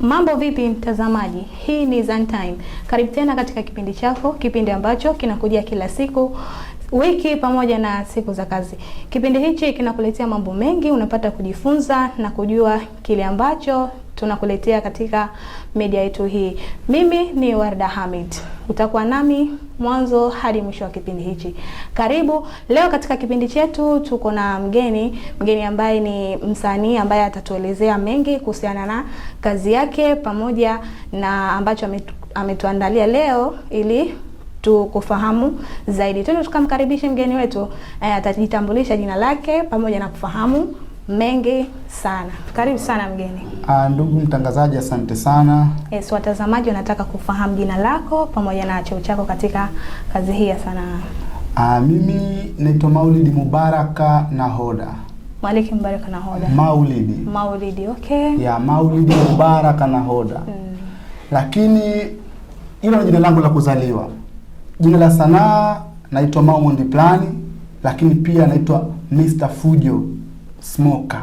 Mambo vipi mtazamaji, hii ni Zantime. Karibu tena katika kipindi chako, kipindi ambacho kinakujia kila siku wiki pamoja na siku za kazi. Kipindi hichi kinakuletea mambo mengi, unapata kujifunza na kujua kile ambacho tunakuletea katika media yetu hii. Mimi ni Warda Hamid, utakuwa nami mwanzo hadi mwisho wa kipindi hichi. Karibu. Leo katika kipindi chetu tuko na mgeni, mgeni ambaye ni msanii ambaye atatuelezea mengi kuhusiana na kazi yake pamoja na ambacho ametuandalia leo ili tukufahamu zaidi. Twende tukamkaribishe mgeni wetu, eh, atajitambulisha jina lake pamoja na kufahamu mengi sana. Karibu sana mgeni. Ah, ndugu mtangazaji, asante sana. Yes, watazamaji wanataka kufahamu jina lako pamoja na cheo chako katika kazi hii ya sanaa. Ah, mimi naitwa Maulidi Mubaraka Nahoda. Maliki Mubaraka Nahoda. Maulidi. Maulidi, okay. Ya Maulidi Mubaraka Nahoda. Mm. Lakini hilo ni jina langu la kuzaliwa. Jina la sanaa naitwa Maumundi Plani, lakini pia naitwa Mr Fujo smoker.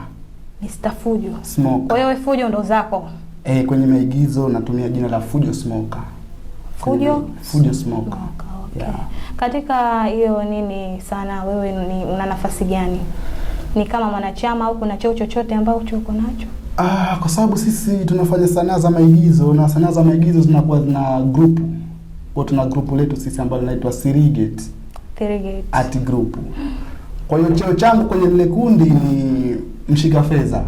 Mr. Fujo. Smoker. Kwa hiyo Fujo ndo zako? Eh, kwenye maigizo natumia jina la Fujo Smoker. Fujo? Fujo Smoker. Okay. Yeah. Katika hiyo nini sana wewe ni una nafasi gani? Ni kama mwanachama au kuna cheo chochote ambao uko nacho? Ah, kwa sababu sisi tunafanya sanaa za maigizo na sanaa za maigizo zinakuwa na group. Kwa tuna group letu sisi ambalo linaitwa Sirigate. Sirigate. Art group. Kwa hiyo cheo changu kwenye lile kundi ni mshika fedha.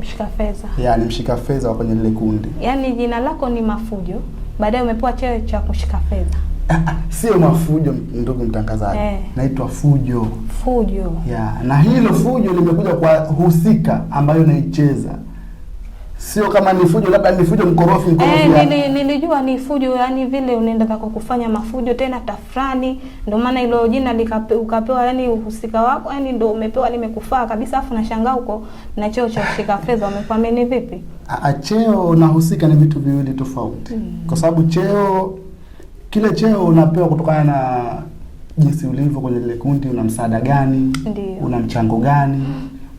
Mshika fedha. Yeah, ni mshika fedha wa kwenye lile kundi. Yaani jina lako ni Mafujo, baadaye umepewa cheo cha kushika fedha. Ah, ah, sio mafujo ndugu mtangazaji, eh. Naitwa Fujo. Fujo. Yeah, na hilo Fujo limekuja kwa husika ambayo naicheza sio kama ni fujo, labda ni fujo mkorofi mkorofi. Eh, nili, nilijua ni fujo, yani vile unaenda kwa kufanya mafujo tena tafrani, ndio maana ilo jina likape, ukapewa yani uhusika wako yani ndio umepewa limekufaa kabisa, afu nashangaa uko na cheo cha kushika fedha umekwambia ni vipi? A, cheo na husika ni vitu viwili tofauti mm. Kwa sababu cheo kile cheo unapewa kutokana na jinsi ulivyo kwenye lile kundi, una msaada gani? Ndiyo. una mchango gani?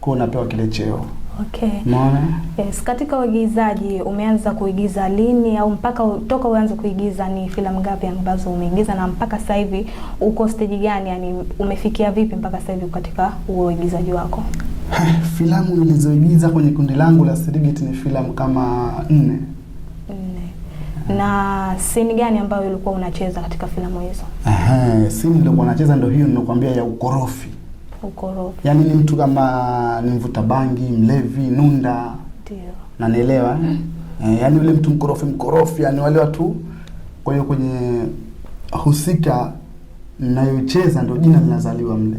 Kwa unapewa kile cheo Okay. Umeona? Yes, katika uigizaji umeanza kuigiza lini au mpaka toka uanze kuigiza ni filamu ngapi ambazo umeigiza na mpaka sasa hivi uko stage gani, Yaani umefikia vipi mpaka sasa hivi katika huo uigizaji wako? filamu nilizoigiza kwenye kundi langu la Serengeti ni filamu kama nne. Nne. Na sini gani ambayo ulikuwa unacheza katika filamu hizo? Aha, sini nilikuwa nacheza ndio hiyo ninakwambia ya ukorofi ukorofi. Yaani ni mtu kama ni mvuta bangi, mlevi, nunda. Ndio. Na nielewa eh? E, yaani yule mtu mkorofi mkorofi, yani wale watu. Kwa hiyo kwenye husika ninayocheza ndio jina mm-hmm. linazaliwa mle.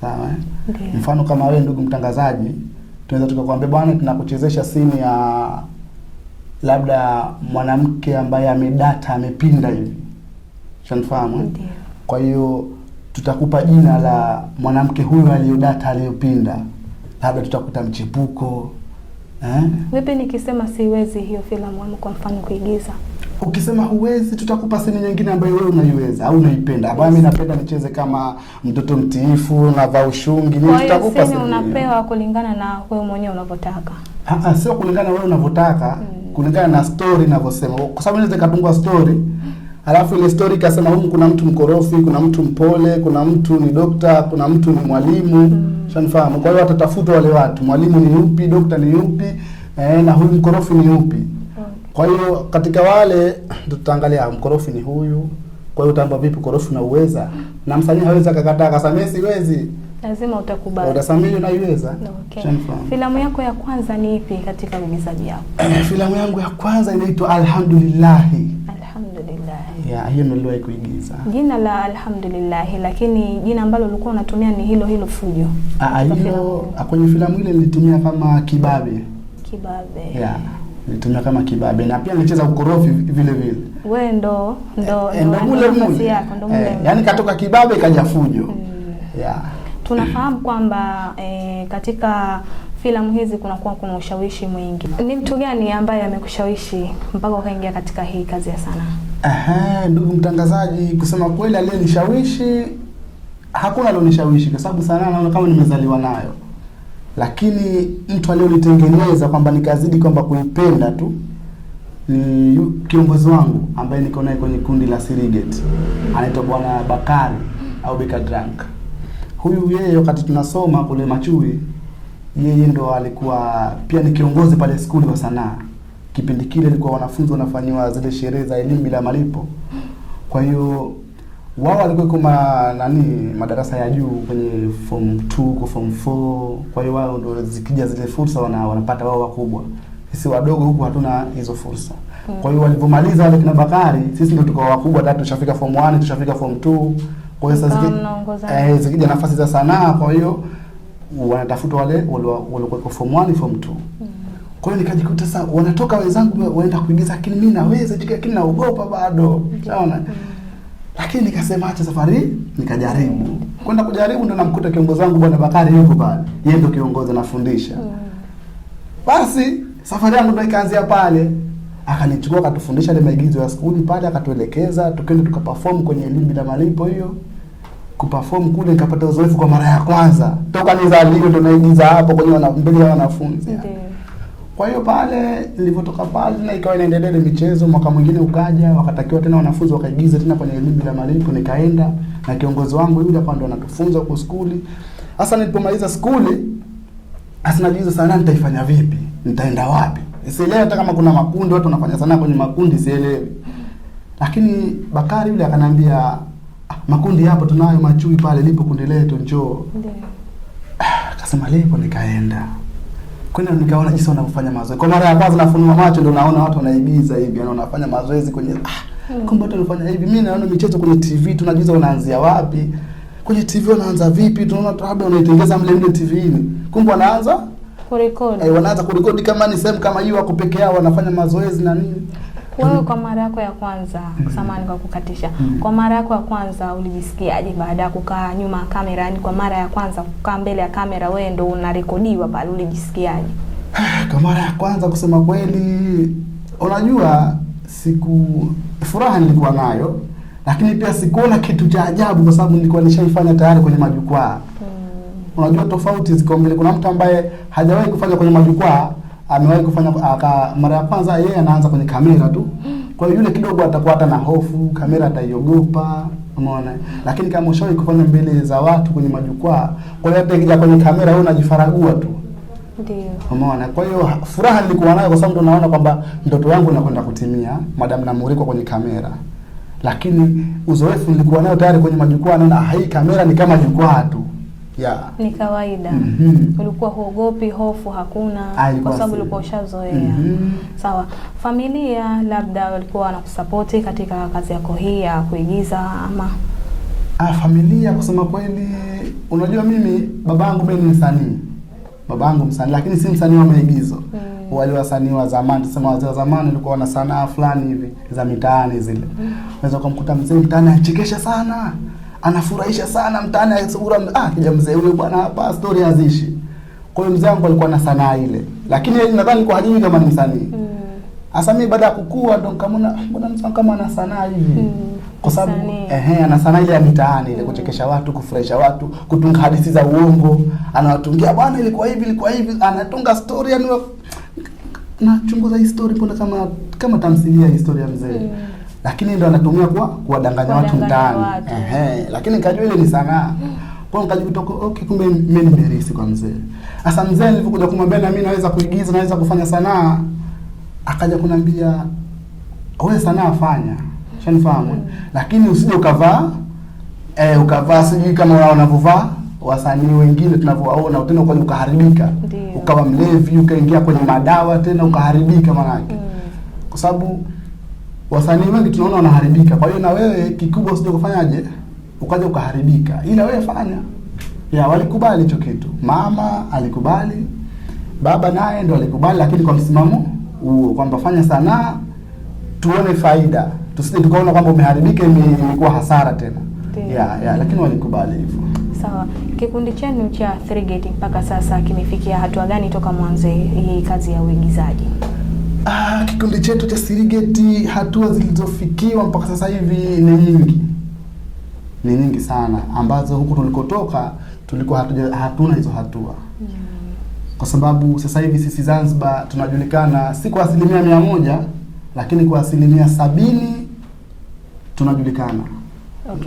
Sawa eh? Ndio. Mfano kama wewe ndugu mtangazaji, tunaweza tukakwambia bwana, tunakuchezesha simu ya labda mwanamke ambaye amedata amepinda hivi. Shanifahamu? Eh? Ndio. Kwa hiyo tutakupa jina la mwanamke huyu aliyodata aliyopinda, labda tutakuta mchepuko eh? Vipi nikisema siwezi hiyo filamu kwa mfano kuigiza? Ukisema huwezi, tutakupa sini nyingine ambayo wewe unaiweza au unaipenda, ambayo mimi napenda nicheze kama mtoto mtiifu, navaa ushungi. Ni tutakupa sehemu. unapewa kulingana na wewe mwenyewe unavyotaka. Ah, sio kulingana wewe unavyotaka, hmm. kulingana na story ninavyosema, kwa sababu inaweza kadungwa story hmm. Alafu ile story ikasema humu kuna mtu mkorofi, kuna mtu mpole, kuna mtu ni dokta, kuna mtu ni mwalimu mm. Shanifahamu. Kwa hiyo watatafuta wale watu, mwalimu ni yupi, dokta ni yupi eh, na huyu mkorofi ni yupi hmm. Kwa hiyo katika wale tutaangalia ah, mkorofi ni huyu. Kwa hiyo utaamba vipi korofi na uweza na msanii hawezi akakataa akasamia siwezi, lazima utakubali, utasamia unaiweza. Okay. Shanifahamu. Filamu yako ya kwanza ni ipi katika uigizaji yako? Filamu yangu ya kwanza inaitwa Alhamdulillah. Yeah, hiyo ndio niliwahi kuigiza. Jina la Alhamdulillah, lakini jina ambalo ulikuwa unatumia ni hilo hilo Fujo. Ah, ah hilo ah, kwenye filamu ile nilitumia kama kibabe. Kibabe. Yeah. Nilitumia kama kibabe na pia nilicheza ukorofi vile vile. Wewe ndo ndo e, ndo mule mule. yako ndo mule. E, yani katoka kibabe kaja Fujo. Mm. Yeah. Tunafahamu kwamba e, katika filamu hizi kunakuwa kuna ushawishi mwingi. Ni mtu gani ambaye amekushawishi mpaka ukaingia katika hii kazi ya sanaa? Ehe, ndugu mtangazaji, kusema kweli aliyenishawishi hakuna alionishawishi, kwa sababu sanaa naona kama nimezaliwa nayo, lakini mtu aliyolitengeneza kwamba nikazidi kwamba kuipenda tu ni kiongozi wangu ambaye niko naye kwenye kundi la Sirigate, anaitwa Bwana Bakari au Beka Drunk. Huyu yeye wakati tunasoma kule Machui, yeye ndo alikuwa pia ni kiongozi pale skuli wa sanaa Kipindi kile ilikuwa wanafunzi wanafanyiwa zile sherehe za elimu bila malipo, kwa hiyo wao walikuwa ma nani madarasa ya juu kwenye form 2 kwa form 4. Kwa hiyo wao ndio zikija zile fursa wana, wanapata wao wakubwa, sisi wadogo huku hatuna hizo fursa hmm. Kwa hiyo walivyomaliza wale kina Bakari, sisi ndio tukawa wakubwa, tatu tushafika form 1 tushafika form 2. Kwa hiyo sasa zikija, eh, zikija nafasi za sanaa, kwa hiyo wanatafuta wale kwa form 1 form 2 mm. -hmm. Kwa hiyo nikajikuta sasa wanatoka wenzangu waenda kuingiza, lakini mimi naweza jika, lakini naogopa bado. Unaona? Okay. Lakini nikasema acha safari nikajaribu. Kwenda kujaribu ndo namkuta kiongozi wangu Bwana Bakari yuko pale. Yeye ndo kiongozi anafundisha. Mm. Basi safari yangu ndo ikaanzia pale. Akanichukua akatufundisha ile maigizo ya skuli pale, akatuelekeza tukaenda tukaperform kwenye elimu bila malipo hiyo. Kuperform kule nikapata uzoefu kwa mara ya kwanza. Toka nizaliwe ndo naigiza hapo kwenye wana mbele ya wanafunzi. Ndio. Kwa hiyo pale nilivyotoka pale na ikawa inaendelea ile michezo. Mwaka mwingine ukaja, wakatakiwa tena wanafunzi wakaigiza tena kwenye elimu bila malipo, nikaenda na kiongozi wangu yule hapa, ndo anatufunza huko skuli. Sasa nilipomaliza skuli, sasa najiuliza sana, nitaifanya vipi, nitaenda wapi? Sielewi hata kama kuna makundi, watu wanafanya sana kwenye makundi, sielewi. Lakini Bakari yule akanambia ah, makundi hapo tunayo, machui pale lipo kundi letu, njoo. Ndio. Ah, akasema lipo, nikaenda kwenda nikaona jinsi wanavyofanya mazoezi. Kwa mara ya kwanza nafunua macho ndio naona watu wanaigiza hivi, yani wanafanya mazoezi kwenye ah, mm. kumbe watu wanafanya hivi. Mimi naona michezo kwenye TV tunajiuliza wanaanzia wapi? Kwenye TV wanaanza vipi? Tunaona labda wanaitengeza mle mle TV-ni. Kumbe wanaanza kurekodi. Eh, wanaanza kurekodi kama ni sehemu kama hiyo wako peke yao wanafanya mazoezi na nini. Wewe kwa mara yako ya kwanza samani kwa kukatisha, kwa mara yako ya kwanza ulijisikiaje baada ya kukaa nyuma ya kamera? Yani kwa mara ya kwanza kukaa mbele ya kamera, wewe ndo unarekodiwa pale, ulijisikiaje? Kwa mara ya kwanza kusema kweli, unajua siku furaha nilikuwa nayo, lakini pia sikuona kitu cha ajabu kwa sababu nilikuwa nishaifanya tayari kwenye majukwaa. Hmm. Unajua tofauti ziko mbele, kuna mtu ambaye hajawahi kufanya kwenye majukwaa amewahi kufanya aka, mara ya kwanza yeye anaanza kwenye kamera tu, kwa hiyo yule kidogo atakuwa hata na hofu, kamera ataiogopa, umeona. Lakini kama ushawahi kufanya mbele za watu kwenye majukwaa, kwa hiyo hata kwenye kamera wewe unajifaragua tu, ndio umeona. Kwa hiyo furaha nilikuwa nayo kwa sababu ndo naona kwamba ndoto yangu inakwenda kutimia, madam namulikwa kwenye kamera lakini uzoefu nilikuwa nayo tayari kwenye majukwaa, naona ah, hii kamera ni kama jukwaa tu yeah. Ni kawaida mm -hmm. Ulikuwa huogopi, hofu hakuna, kwa sababu ulikuwa ushazoea mm -hmm. Sawa, familia labda walikuwa wanakusapoti katika kazi yako hii ya kuigiza ama ah, familia? Kusema kweli, unajua mimi babangu mimi ni msanii, babangu msanii, lakini si msanii wa maigizo mm. Wale wasanii wa zamani, tuseme wazee wa zamani walikuwa wana sanaa fulani hivi za mitaani zile, mm. unaweza mm. kumkuta mzee mtaani achekesha sana anafurahisha sana mtaani asura ah, kija mzee yule bwana hapa story hazishi. Kwa hiyo mzee wangu alikuwa na sanaa ile, lakini yeye nadhani kwa hajui kama ni msanii mm. Asa mimi baada ya kukua ndo nikamona mbona mtu kama ana sanaa hivi mm. Kwa sababu ehe, ana sanaa ile ya mitaani ile, kuchekesha mm. watu, kufurahisha watu, kutunga hadithi za uongo, anawatungia bwana, ilikuwa hivi ilikuwa hivi, anatunga story yani, nachunguza hii story mbona kama kama tamthilia historia mzee mm lakini ndo anatumia kwa kuwadanganya watu mtaani ehe, lakini nikajua ile ni sanaa kwa hiyo nikajikuta okay, kumbe mimi ni nimerisi kwa mzee. Sasa mzee nilipokuja kumwambia na mimi naweza kuigiza, naweza kufanya sanaa, akaja kuniambia wewe sanaa fanya, shanifahamu mm. lakini usije ukavaa eh, ukavaa sijui kama wao wanavyovaa wasanii wengine tunavyowaona, tena ukaja ukaharibika, ukawa mlevi, ukaingia kwenye madawa tena ukaharibika, maanake mm. kwa sababu wasanii wengi tunaona wanaharibika. Kwa hiyo na wewe kikubwa usije kufanyaje ukaja ukaharibika, ila wewe fanya ya. Walikubali hicho kitu, mama alikubali, baba naye ndo alikubali, lakini kwa msimamo huo kwamba fanya sanaa tuone faida, tusije tukaona kwamba umeharibika, imekuwa hasara tena ya, ya, lakini walikubali hivyo. Sawa, kikundi chenu cha Three Gate mpaka sasa kimefikia hatua gani toka mwanzo hii kazi ya uigizaji? Ah, kikundi chetu cha sirigeti hatua zilizofikiwa mpaka sasa hivi ni nyingi, ni nyingi sana, ambazo huku tulikotoka tulikuwa hatuja, hatuna hizo hatua mm. Kwa sababu sasa hivi sisi Zanzibar tunajulikana si kwa asilimia mia moja, lakini kwa asilimia sabini tunajulikana